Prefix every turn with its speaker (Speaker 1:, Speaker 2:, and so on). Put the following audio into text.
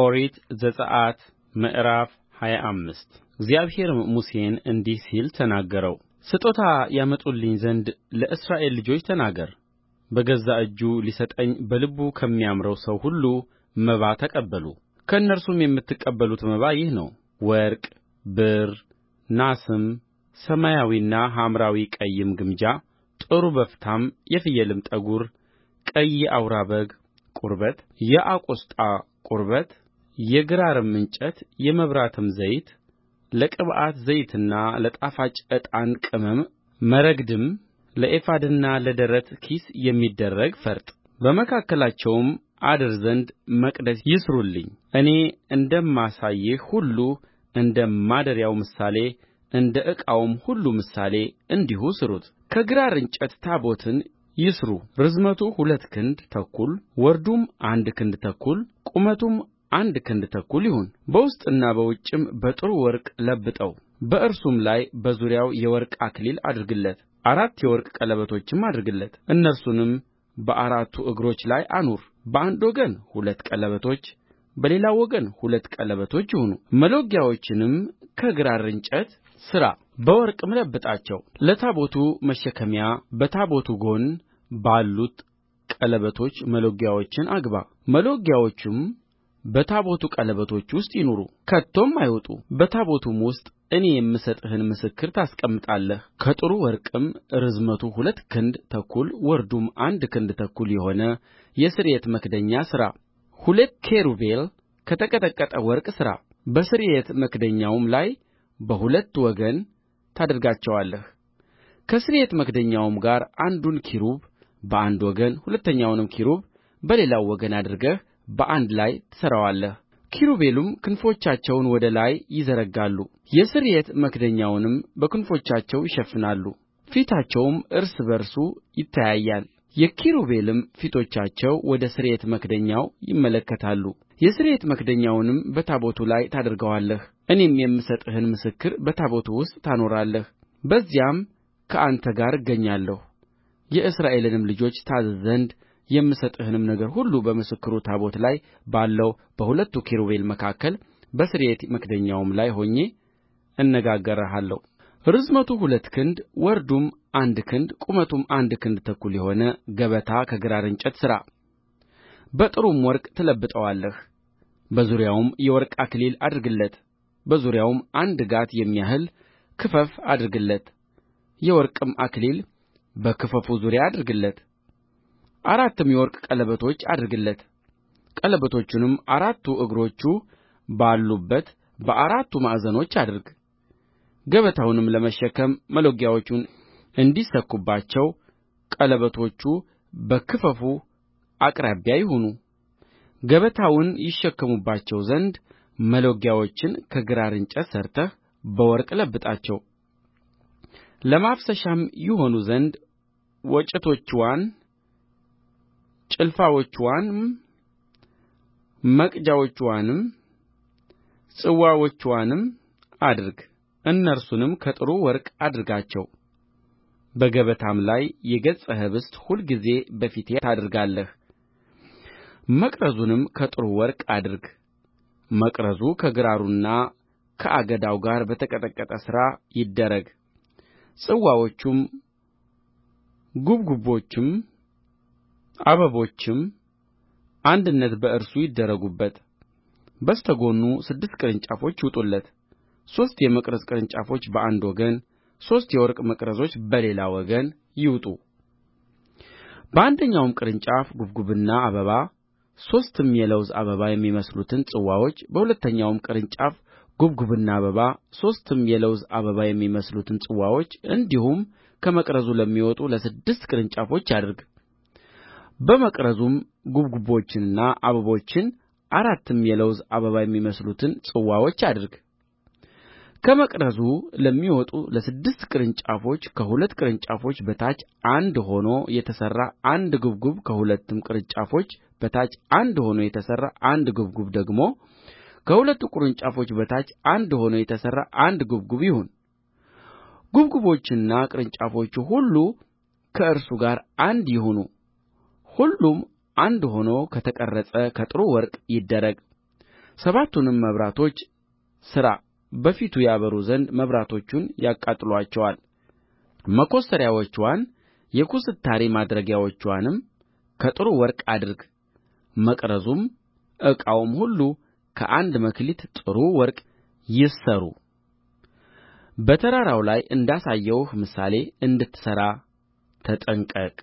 Speaker 1: ኦሪት ዘጽአት ምዕራፍ ሃያ አምስት እግዚአብሔርም ሙሴን እንዲህ ሲል ተናገረው ስጦታ ያመጡልኝ ዘንድ ለእስራኤል ልጆች ተናገር በገዛ እጁ ሊሰጠኝ በልቡ ከሚያምረው ሰው ሁሉ መባ ተቀበሉ ከእነርሱም የምትቀበሉት መባ ይህ ነው ወርቅ፣ ብር፣ ናስም፣ ሰማያዊና ሐምራዊ ቀይም ግምጃ፣ ጥሩ በፍታም፣ የፍየልም ጠጕር፣ ቀይ የአውራ በግ ቁርበት፣ የአቆስጣ ቁርበት፣ የግራርም እንጨት የመብራትም ዘይት ለቅብዓት ዘይትና ለጣፋጭ ዕጣን ቅመም መረግድም ለኤፉድና ለደረት ኪስ የሚደረግ ፈርጥ በመካከላቸውም አድር ዘንድ መቅደስ ይሥሩልኝ እኔ እንደማሳይህ ሁሉ እንደ ማደሪያው ምሳሌ እንደ ዕቃውም ሁሉ ምሳሌ እንዲሁ ሥሩት ከግራር እንጨት ታቦትን ይሥሩ ርዝመቱ ሁለት ክንድ ተኩል ወርዱም አንድ ክንድ ተኩል ቁመቱም አንድ ክንድ ተኩል ይሁን በውስጥና በውጭም በጥሩ ወርቅ ለብጠው በእርሱም ላይ በዙሪያው የወርቅ አክሊል አድርግለት አራት የወርቅ ቀለበቶችም አድርግለት እነርሱንም በአራቱ እግሮቹ ላይ አኑር በአንድ ወገን ሁለት ቀለበቶች በሌላው ወገን ሁለት ቀለበቶች ይሁኑ መሎጊያዎቹንም ከግራር እንጨት ሥራ በወርቅም ለብጣቸው ለታቦቱ መሸከሚያ በታቦቱ ጎን ባሉት ቀለበቶች መሎጊያዎቹን አግባ መሎጊያዎቹም በታቦቱ ቀለበቶች ውስጥ ይኑሩ ከቶም አይውጡ በታቦቱም ውስጥ እኔ የምሰጥህን ምስክር ታስቀምጣለህ ከጥሩ ወርቅም ርዝመቱ ሁለት ክንድ ተኩል ወርዱም አንድ ክንድ ተኩል የሆነ የስርየት መክደኛ ሥራ ሁለት ኪሩቤል ከተቀጠቀጠ ወርቅ ሥራ በስርየት መክደኛውም ላይ በሁለት ወገን ታደርጋቸዋለህ ከስርየት መክደኛውም ጋር አንዱን ኪሩብ በአንድ ወገን ሁለተኛውንም ኪሩብ በሌላው ወገን አድርገህ በአንድ ላይ ትሠራዋለህ ኪሩቤልም ክንፎቻቸውን ወደ ላይ ይዘረጋሉ የስርየት መክደኛውንም በክንፎቻቸው ይሸፍናሉ ፊታቸውም እርስ በርሱ ይተያያል የኪሩቤልም ፊቶቻቸው ወደ ስርየት መክደኛው ይመለከታሉ የስርየት መክደኛውንም በታቦቱ ላይ ታደርገዋለህ እኔም የምሰጥህን ምስክር በታቦቱ ውስጥ ታኖራለህ በዚያም ከአንተ ጋር እገናኛለሁ የእስራኤልንም ልጆች ታዝዝ ዘንድ የምሰጥህንም ነገር ሁሉ በምስክሩ ታቦት ላይ ባለው በሁለቱ ኪሩቤል መካከል በስርየት መክደኛውም ላይ ሆኜ እነጋገርሃለሁ ርዝመቱ ሁለት ክንድ ወርዱም አንድ ክንድ ቁመቱም አንድ ክንድ ተኩል የሆነ ገበታ ከግራር እንጨት ሥራ በጥሩም ወርቅ ትለብጠዋለህ በዙሪያውም የወርቅ አክሊል አድርግለት በዙሪያውም አንድ ጋት የሚያህል ክፈፍ አድርግለት የወርቅም አክሊል በክፈፉ ዙሪያ አድርግለት አራትም የወርቅ ቀለበቶች አድርግለት ቀለበቶቹንም አራቱ እግሮቹ ባሉበት በአራቱ ማዕዘኖች አድርግ ገበታውንም ለመሸከም መሎጊያዎቹን እንዲሰኩባቸው ቀለበቶቹ በክፈፉ አቅራቢያ ይሁኑ ገበታውን ይሸከሙባቸው ዘንድ መሎጊያዎቹን ከግራር እንጨት ሠርተህ በወርቅ ለብጣቸው ለማፍሰሻም ይሆኑ ዘንድ ወጭቶችዋን ጭልፋዎችዋንም መቅጃዎችዋንም ጽዋዎችዋንም አድርግ እነርሱንም ከጥሩ ወርቅ አድርጋቸው በገበታም ላይ የገጸ ኅብስት ሁልጊዜ በፊቴ ታደርጋለህ መቅረዙንም ከጥሩ ወርቅ አድርግ መቅረዙ ከግራሩና ከአገዳው ጋር በተቀጠቀጠ ሥራ ይደረግ ጽዋዎቹም ጉብጉቦቹም አበቦችም አንድነት በእርሱ ይደረጉበት በስተ ጎኑ ስድስት ቅርንጫፎች ይውጡለት ሦስት የመቅረዝ ቅርንጫፎች በአንድ ወገን ሦስት የወርቅ መቅረዞች በሌላ ወገን ይውጡ በአንደኛውም ቅርንጫፍ ጕብጕብና አበባ ሦስትም የለውዝ አበባ የሚመስሉትን ጽዋዎች በሁለተኛውም ቅርንጫፍ ጕብጕብና አበባ ሦስትም የለውዝ አበባ የሚመስሉትን ጽዋዎች እንዲሁም ከመቅረዙ ለሚወጡ ለስድስት ቅርንጫፎች አድርግ በመቅረዙም ጉብጉቦችንና አበቦችን አራትም የለውዝ አበባ የሚመስሉትን ጽዋዎች አድርግ ከመቅረዙ ለሚወጡ ለስድስቱ ቅርንጫፎች ከሁለት ቅርንጫፎች በታች አንድ ሆኖ የተሠራ አንድ ጕብጕብ ከሁለትም ቅርንጫፎች በታች አንድ ሆኖ የተሠራ አንድ ጕብጕብ ደግሞ ከሁለቱ ቅርንጫፎች በታች አንድ ሆኖ የተሠራ አንድ ጕብጕብ ይሁን ጕብጕቦቹና ቅርንጫፎቹ ሁሉ ከእርሱ ጋር አንድ ይሁኑ ሁሉም አንድ ሆኖ ከተቀረጸ ከጥሩ ወርቅ ይደረግ ሰባቱንም መብራቶች ሥራ በፊቱ ያበሩ ዘንድ መብራቶቹን ያቃጥሉአቸዋል መኰስተሪያዎችዋን የኩስታሪ ማድረጊያዎችዋንም ከጥሩ ወርቅ አድርግ መቅረዙም ዕቃውም ሁሉ ከአንድ መክሊት ጥሩ ወርቅ ይሠሩ በተራራው ላይ እንዳሳየሁህ ምሳሌ እንድትሠራ ተጠንቀቅ